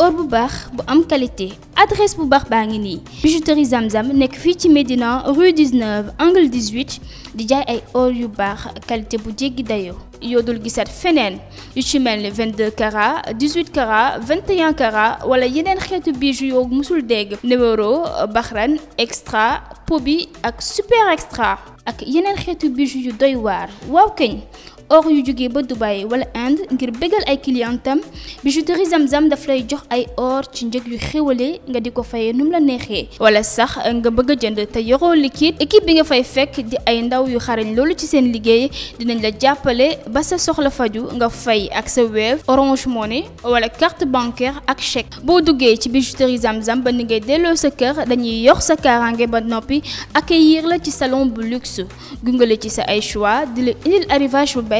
or bu baax bu am qualité adresse bu baax baa ngi nii bijouterie Zamzam nekk fii ci Médina rue 19 angle 18 di jaay ay or yu baax qualité bu jéggi dayoo yoo dul gisat feneen yu ci mel ni 22 carats 18 carats 21 carats wala yeneen xeetu bijou yoo musul dégg numéro Bahran extra bi ak super extra ak yeneen xeetu bijou yu doy waar waaw keñ or yu jógee ba Dubai wala Inde ngir bégal ay clientam bijouterie Zamzam daf lay jox ay or ci njëg yu xéwale nga di ko fayee num la neexee wala sax nga bëgg jënd te yoroo liquide équipe bi nga fay fekk di ay ndaw yu xarañ loolu ci seen liggéey dinañ la jàppale ba sa soxla faju nga fay ak sa Wave Orange Money wala carte bancaire ak cheque boo duggee ci bijouterie Zamzam ba ni ngay delloo sa kër dañuy yox sa kaaraange ba noppi ak accueillir la ci salon bu luxe gunge ci sa ay choix di la indil arrivage bu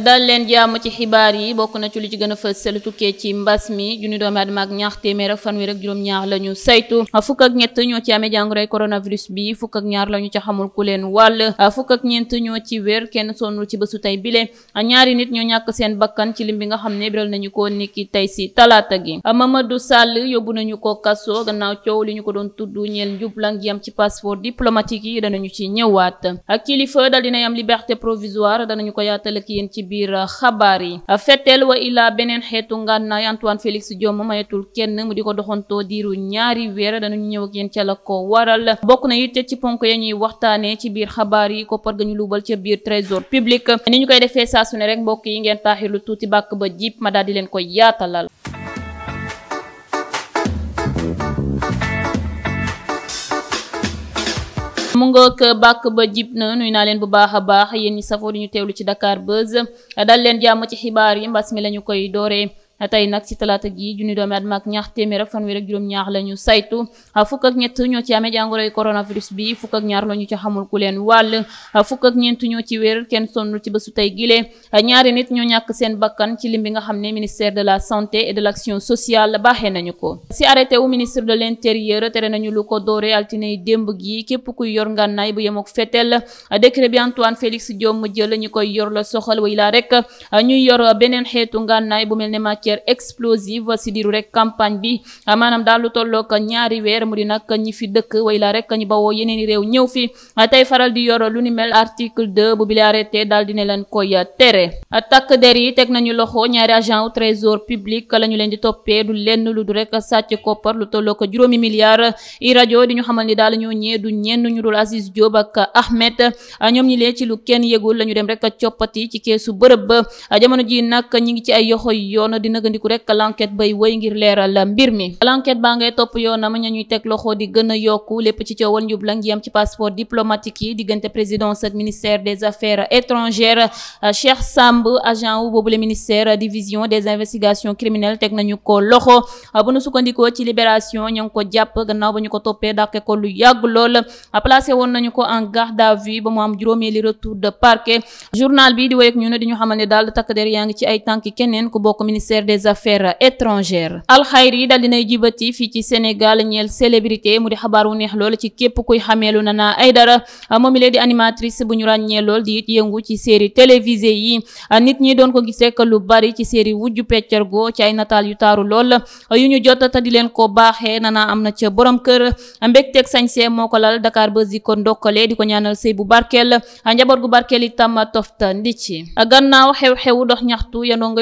daal leen jaamu ci xibaar yi bokk na ci lu ci gën a fës lu tukkee ci mbas mi junni doomi aadama ak ñaar bi fukk ak ñaar la ñu ci xamul ku leen wàll fukk ak ñoo ci wér kenn sonnul ci bésu tey bile ñaari nit ñoo ñàkk seen bakkan ci lim bi nga xam ne biral nañu ko niki tey si talaata gi Mamadou Sall yóbbu nañu ko kaso gannaaw coow li ñu ko doon tudd ñeel njublang gi am ci passeport diplomatique yi danañu ci ñëwaat ak kilifa dal dina ci ci biir xabaar yi fetteel wa illaa beneen xeetu ngànnaay Antoine Félix Diome ma kenn mu di ko doxantoo diiru ñaari weer danañ ñëw ak yéen ca la ko waral bokk na it ci ponk ya ñuy waxtaanee ci biir xabaar yi koppar ga ñu luubal ca biir trésor public ni ñu koy defee saa su ne rek mbokk yi ngeen taaxilu tuuti bàkk ba jiip ma daal di leen koy yaatalal mu ngoog ba jib na nuy naa leen bu baax a baax yéen ñi safoo di ñu teelu ci Dakar Buzz dal leen jàmm ci xibaar yi mbas mi la ñu koy dooree tey nag ci talaata gi junni doomi adama ak ñaar téeméer ak fanweer ak juróom-ñaar la ñu saytu fukk ak ñett ñoo ci amee jàngoroy coronavirus bi fukk ak ñaar la ci xamul ku leen wàll fukk ak ñeent ñoo ci wér kenn sonn ci bésu tey gile ñaari nit ñoo ñàkk seen bakkan ci lim nga xam ne ministère de la santé et de l'action sociale baaxee nañu ko ci arrêté wu ministre de l'intérieur tere nañu lu ko doore altinay démb gi képp kuy yor ngànnaay bu la soxal way laa rek ñuy judiciaire explosive si diiru rek campagne bi ah, maanaam daal lu tolloog ñaari weer mu di nag ñi fi dëkk way la rek ñu bawoo yeneeni réew ñëw fi ah, tey faral di yor lu ni mel article 2 bu bi la arrêté daal dina leen koy tere ah, takk der yi teg nañu loxo ñaari agent au trésor public la leen di toppee du lenn lu du rek sàcc koppar lu tolloo ko juróomi milliards i rajo di ñu xamal ni daal ñoo ñee du ñenn ñu dul Aziz Diop ak Ahmed ñoom ñi lee ci lu kenn la ñu dem rek coppati ci keesu bërëb ba jamono nëgandiku rek l'enquête bay wëy ngir leeral mbir mi l'enquête baa ngay topp yoonam ña ñuy teg loxo di gën a yokku lépp ci coowal njub la ngi yam ci passeport diplomatique yi diggante présidence ak ministère des affaires étrangères Cheikh Samb agent wu boobule ministère division des investigations criminelles teg nañu ko loxo bu nu sukkandikoo ci libération ña ko jàpp gannaaw ba ñu ko toppee dàqe ko lu yàgg lool placé woon nañu ko en garde à vue ba mu ministère des affaires étrangères alxayri dal dinay jibati fii ci Sénégal ñeel célébrité mu di xabaar wu neex lool ci képp kuy xameelu Nana Aidara moom lee di animatrice bu ñu ràññee lool di yëngu ci série télévisée yi nit ñi doon ko gis rek lu bari ci série wujju peccargo ci ay nataal yu taaru lool yu ñu jot ta di leen ko baaxee Nana am na ca borom kër mbégteeg sañse moo ko lal Dakar Buzz di ko ndokkale di ko ñaanal sëy bu barkeel njaboot gu barkeel itam tofta ndi ci gannaaw xew-xewu dox ñaxtu yanoo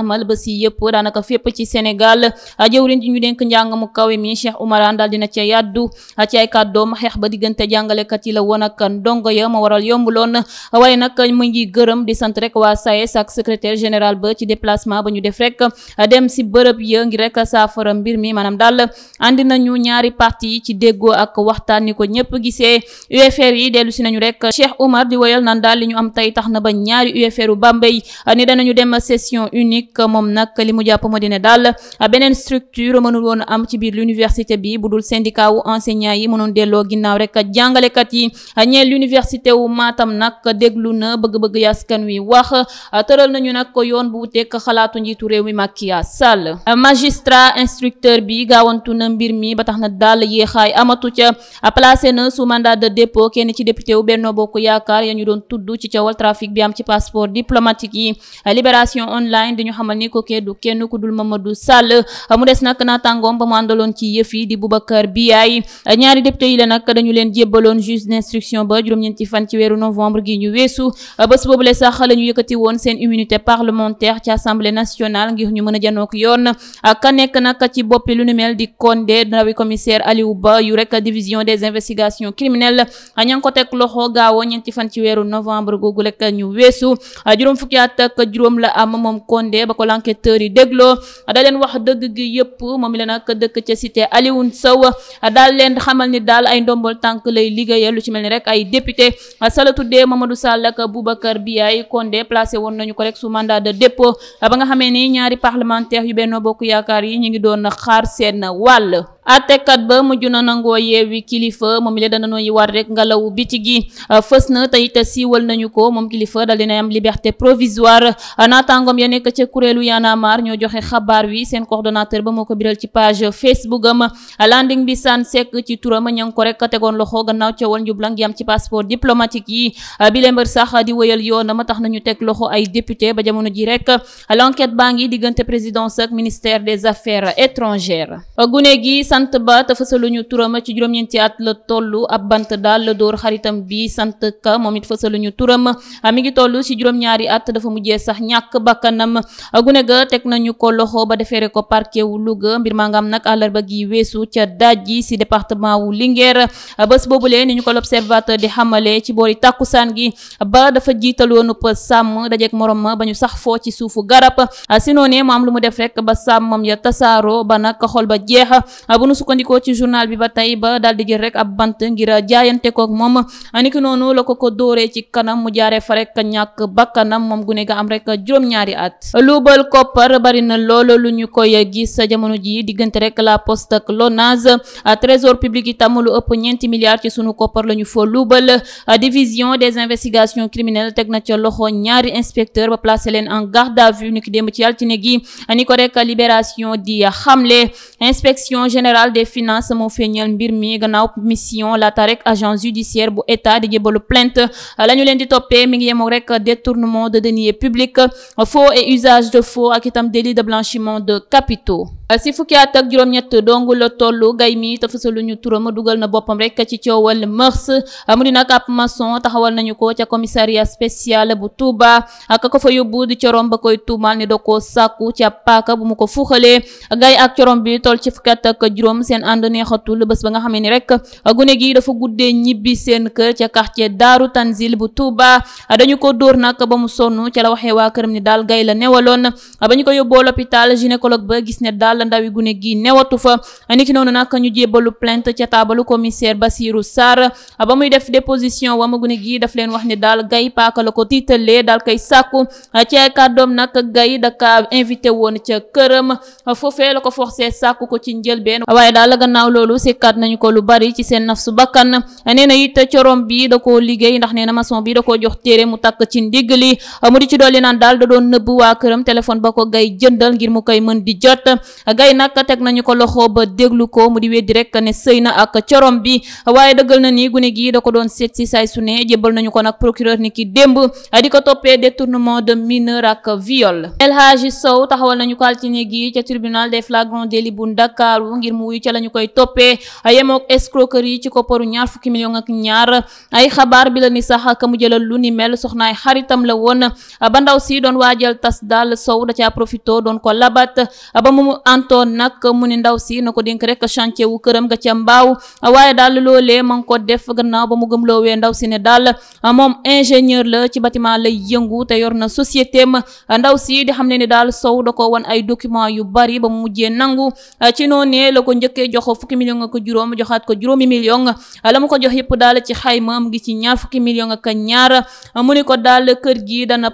amal ba si yëpp daanaka fépp ci Sénégal ah, jëwriñ ji ñu dénk njàng mu kawe mi Cheikh Oumar Anne daal dina ca yàddu ah, ci ay kàddoom xeex ba diggante jàngalekat yi la woon ak ndongo ya ma waral yombuloon ah, waaye nag mu ngi gërëm di sant rek waa SAES ak secrétaire général ba ci déplacement ba ñu def rek dem si bërëb ya ngir rek saafara mbir mi maanaam daal andi nañu ñaari parti ci déggoo ak waxtaan ni ko ñëpp gisee UFR yi dellu si nañu rek Cheikh Oumar di woyal naan daal li ñu am tey tax na ba ñaari Mboutik moom nag li mu jàpp moo di ne daal beneen structure mënul woon am ci biir l'université bi bu dul syndicat wu enseignant yi mënoon delloo ginnaaw rek jàngalekat yi ñeel l'université wu maatam nag déglu na bëgg-bëgg yaskan wi wax tëral nañu nag ko yoon bu wuteeg xalaatu njiitu réew mi Macky Sall magistrat instructeur bi gaawantu na mbir mi ba tax na daal yéexaay amatu ca placé na sous mandat de dépôt kenn ci député wu Benno Bokk Yaakaar ya ñu doon tudd ci coowal bi am ci passeport xamal ni kookee du kenn ku dul Mamadou Sall mu des nag naataangoom ba mu àndaloon ci yëf yi di Boubacar Biaye ñaari député yi la nag dañu leen jébbaloon juge d'instruction ba juróom-ñeenti fan ci weeru novembre a di Condé ndawi commissaire Aliou Ba yu rek division des investigations criminelles ña ngi ko teg loxo gaawoo ñeenti fan ci weeru novembre googu rek ñu weesu juróom fukki at ak juróom la am moom Condé ba ko l'enquêteur yi dégloo da leen wax dëgg gi yëpp moom la nag dëkk ca cité Alioune Sow daal leen xamal ni daal ay ndombol tànk lay liggéeyal lu ci mel ni rek ay député Salatoudé Mamadou Sall ak Boubacar Biaye Condé placé woon nañu ko rek su mandat da dépôt ba nga xamee ni ñaari parlementaire yu Benno Bokk Yaakaar yi ñu ngi doon xaar seen wàll àttekat ba mujj na nangoo yeewi kilifa moom la dana nooy war rek ngelaw biti gi ah, fës na tey te siiwal nañu ko moom kilifa dal dina am liberté provisoire ah, naataangoom ya nekk ca kuréelu Y'en ñoo joxe xabaar wi seen coordonnateur ba moo ko biral ci page Facebook am ah, landing bi Sane Seck ci turam ña ngi ko rek tegoon loxo gannaaw coowal njublang yi am ci passeport diplomatique yi bi lembar sax di wëyal yoon ma tax nañu teg loxo ay député ba jamono ji rek l'enquête baa ngi diggante présidence ak ministère des affaires étrangères sant ba te fësaluñu turam ci juróom-ñeenti at la toll ab bant daal la dóor xaritam bi sant ka moom it fësaluñu turam mi ngi toll ci juróom ga teg nañu ko loxo ba defeere ko parquet wu Louga mbir maa nga am nag àllarba gi weesu ca daaj ji ci département wu Linguère bés boobulee ni ñu ko l'observateur di xamale ci boori tàkkusaan gi ba dafa jiitaloonu pa sàmm dajeek morom ma ba ñu sax foo ci suufu garab am lu mu def rek ba sàmmam ya tasaaro ba nag xol ba jeex bu nu sukkandikoo ci journal bi ba tey ba daal di jël rek ab bant ngir jaayante ko moom niki noonu la ko ko dóoree ci kanam mu jaaree fa rek ñàkk bakkanam moom gune ga am rek juróom-ñaari at luubal koppar bari na loolu lu ñu koy gis jamono ji diggante rek la poste ak l'ONAS trésor public itam lu ëpp ñeenti milliards ci sunu koppar la ñu fa luubal division des investigations criminelles teg na ca loxo ñaari inspecteur ba place leen en garde à vue niki altine gi général des finances moo feeñal mbir mi gannaaw mission laata rek agence judiciaire bu état di jébalu plainte la leen di toppee mi ngi yemoo rek détournement de deniers publics faux et usage de faux ak itam délit de blanchiment de capitaux si fukki at ak juróom-ñett dong la tollu gay mi te fësaluñu turam dugal na boppam rek ci coowal mœurs mu di nag ab maçon taxawal nañu ko ca commissariat spécial bu Touba ak ko fa yóbbu di corom ba koy tuumaal ni da koo sàkku ci ab paaka bu mu ko fuuxalee gay ak corom bi toll ci fukki at ak juróom seen ànd neexatul bés ba nga xamee ni rek gune gi dafa guddee ñibbi seen kër ca quartier Daaru Tanzil bu Touba dañu ko dóor nag ba mu sonn ca la waxee waa këram ni daal gay la ne daal la ndawi gune gi newatu fa niki noonu nag ñu jébalu plainte ca taabalu commissaire Bassirou Sarr ba muy def déposition wa ma gune gi daf leen wax ne daal gay paaka la ko tiitalee ko forcé sàkku ko ci gannaaw loolu sikkat nañu ko lu bari ci seen nafsu bakkan nee na it corom bi da koo liggéey ndax nee na maçon bi da koo jox téere mu takk ci ndigg li mu di ci dolli naan daal da doon nëbb waa këram téléphone ba ko gay jëndal ngir mu koy mën di jot gay nag teg nañu ko loxo ba déglu ko mu di weddi rek ne sëy na ak corom bi waaye dëggal na ni gune gi da ko doon seet si saay su ne jébbal nañu ko nag procureur ni ki démb di ko toppee détournement de mineur ak viol El Hadji Sow taxawal nañu ko altine gi ca tribunal des flagrants délits bu Ndakaaru ngir mu wuyu ca lañu koy toppee yemook escroquerie ci kopparu ñaar fukki million ak ñaar ay xabaar bi la ni sax ka mu jëlal lu ni mel soxnaay xaritam la woon ba ndaw si doon waajal tas daal Sow da caa profito doon ko labat ba mu Antoine nag mu ni ndaw si na ko dénk rek chantier wu këram nga ca mbaaw waaye daal loolee ma ngi ko def ba mu gëm loowee ndaw si ne daal moom ingénieur la ci bâtiment lay yëngu te yor na société am ndaw si di xam ne ni daal sow da ko wan ay document yu bari ba mu mujjee nangu ci noonee la ko njëkkee jox fukki million ak juróom joxaat ko juróomi million la mu ko jox yëpp daal ci xayma mu ngi ci ñaar fukki million ak ñaar mu ni ko daal kër gi dana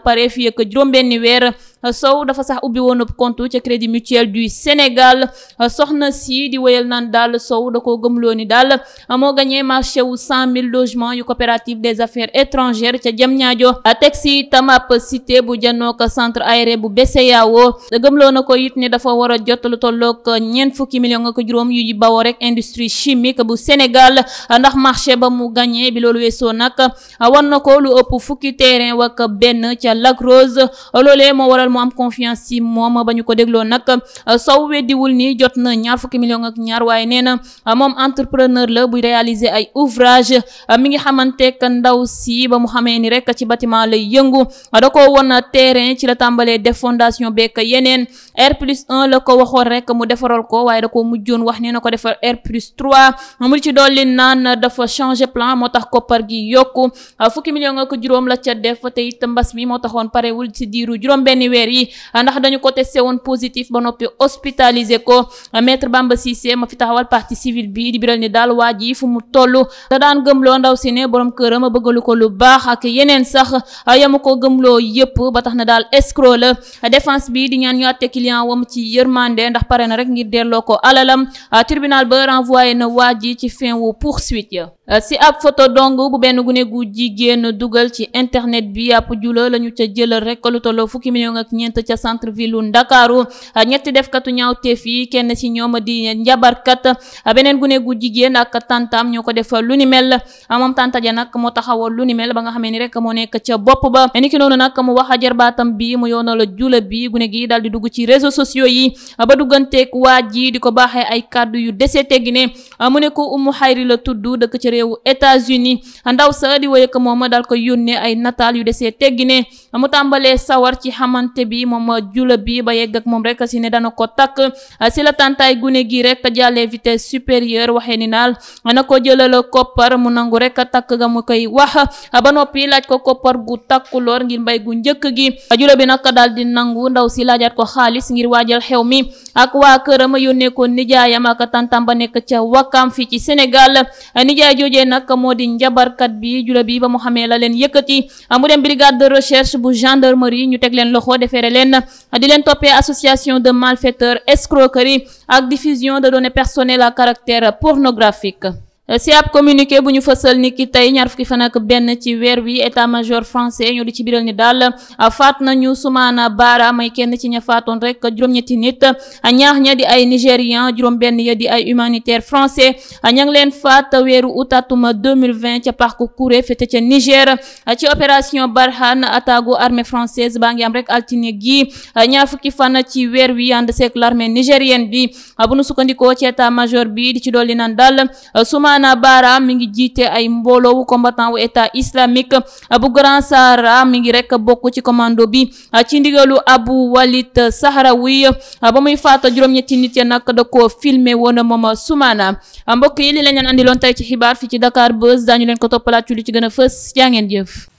Euh, Sow dafa sax ubbi woon compte ca Crédit Mutuel du Sénégal euh, soxna si di wéyal naan daal Sow da koo gëmloo ni daal amoo euh, gagné marché wu 100000 logements yu coopérative des affaires étrangères ca Diamniadio teg si tamap cité bu janook centre aéré bu BCEAO gëmloo na ko it ni dafa war a jot lu tollook ñeent fukki million nga ko juróom yu bawo rek industrie chimique bu Sénégal ndax marché ba mu gagné bi loolu weesoo nag wan na ko lu ëpp fukki terrain wak benn ca waral mu am confiance ci moom ba ñu ko dégloo nag euh, Sow weddiwul ni jot na ñaar fukki million ak ñaar waaye nee euh, moom entrepreneur la buy réaliser ay ouvrage euh, mi ngi xamante que ndaw si ba mu xamee ni rek ci bâtiment lay yëngu da ko woon terrain ci la tàmbalee def fondation R plus 1 la ko waxoon rek mu defaral ko waaye da ko mujjoon wax ni na ko defar R plus 3 mu ci dolli naan dafa changer plan moo tax koppar gi yokku ah, fukki million ak juróom la ca def te it mbas mi moo taxoon parewul ci diiru juróom benn weer yi ah, ndax dañu ko testé woon positif ba noppi hospitalisé ko ah, maître Bamba Cissé ma fi taxawal partie civile bi di biral ni daal waa ji fu mu toll da daan loo ndaw si ne boroom kër a bëggalu ko lu baax ak yeneen sax yamu ko gëmloo yëpp tax na daal escroc client wam ci yërmande ndax pare na rek ngir delloo ko alalam ah, tribunal ba renvoyé na waa ji ci fin wu poursuite ya ah, si ab photo dong bu benn gune gu jigéen dugal ci internet bi ab jula lañu ca jëlal rek lu tolloo fukki million ak ñeent ca centre ville Ndakaaru ah, ñetti defkatu ñaawteef yi kenn ci ñoom di njabarkat beneen gune gu jigéen ak tantam ñoo ko defa lu ni mel moom tanta ja nag moo taxawal lu ni mel ba nga xamee ni rek moo nekk ca e a réseaux sociaux yi ba dugganteeg waa ji di ko baaxee ay kàddu yu dese teggine mu ne ko Umu Xayri la tudd dëkk ci réewu États-Unis ndaw sa di woye ko moom dal ko yónnee ay nataal yu dese teggine mu tàmbalee sawar ci xamante bi moom jula bi ba yegg ak moom rek si ne dana ko takk si la tàntaay gune gi rek a jàllee vitesse supérieure waxee ni naal na ko a koppar mu nangu rek takk ga mu koy wax ba noppi laaj ko koppar gu takkuloor ngir waajal xew mi ak waa kër a ma ko nijaayam ak tantam ba nekk ca wakkaam fii ci Sénégal nijaay joojee nag moo di njabarkat bi jula bi ba mu xamee la leen yëkkati mu dem brigade de recherche bu gendarmerie ñu teg leen loxo defeere leen di leen toppee association de malfaiteurs escroquerie ak diffusion de données personnelles à caractère pornographique Euh, si ab communiqué bu ñu fësal ni ki tey ñaar fukki fan ak benn ci weer wi état major français ñoo di ci biral ni daal euh, faat nañu Soumana Bara may kenn ci ña faatoon rek juróom-ñetti nit euh, ñaax ña di ay nigérian juróom-benn ya di ay humanitaire français ña ngi leen faat weeru août atum 2020 ca parc Kouré fete ca Niger ci opération Barkhane attaque armée française baa ngi am rek altine gi ñaar fukki fan ci weer wi ànd seek l'armée nigérienne bi bu nu sukkandikoo ci état major di ci dolli naan daal Souleyman Bara mi ngi jiite ay mbooloo wu combattant wu état islamique bu Grand Sahara mi ngi rek bokk ci commando bi ci ndigalu Abu Walid a ba muy faata juróom-ñetti nit ya nag da koo filmé woon moom Soumana mbokk yi li leen leen andiloon tey ci xibaar fi ci Dakar daa daañu leen ko toppalaat ci lu ci gën a fës yaa ngeen jëf